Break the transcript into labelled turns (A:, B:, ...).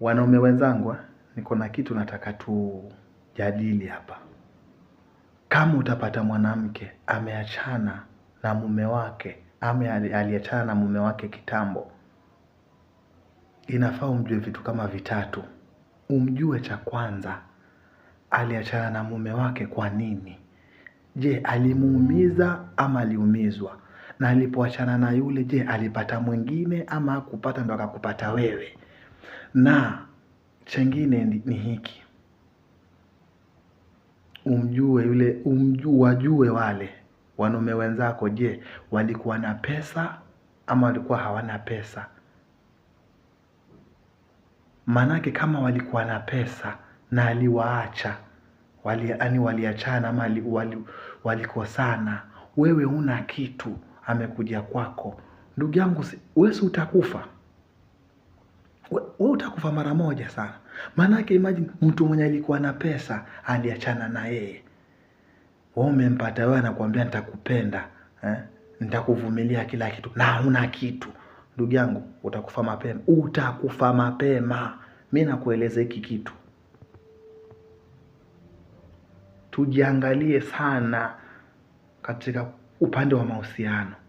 A: Wanaume wenzangu, eh, niko na kitu nataka tujadili hapa. Kama utapata mwanamke ameachana na mume wake ama aliachana na mume wake kitambo, inafaa umjue vitu kama vitatu. Umjue cha kwanza, aliachana na mume wake kwa nini? Je, alimuumiza ama aliumizwa? Na alipoachana na yule, je, alipata mwingine ama hakupata ndo akakupata wewe? na chengine ni hiki, umjue yule, umjue, wajue wale wanaume wenzako, je, walikuwa na pesa ama walikuwa hawana pesa? Maanake kama walikuwa na pesa na aliwaacha wali, ani waliachana ama wali, wali wewe una kitu amekuja kwako, ndugu yangu, wesi utakufa wewe utakufa mara moja sana. Maanake imagine mtu mwenye alikuwa na pesa aliachana na yeye, wewe umempata, wewe anakuambia nitakupenda, eh? nitakuvumilia kila kitu na huna kitu. Ndugu yangu, utakufa mapema, utakufa mapema. Mi nakueleza hiki kitu, tujiangalie sana katika upande wa mahusiano.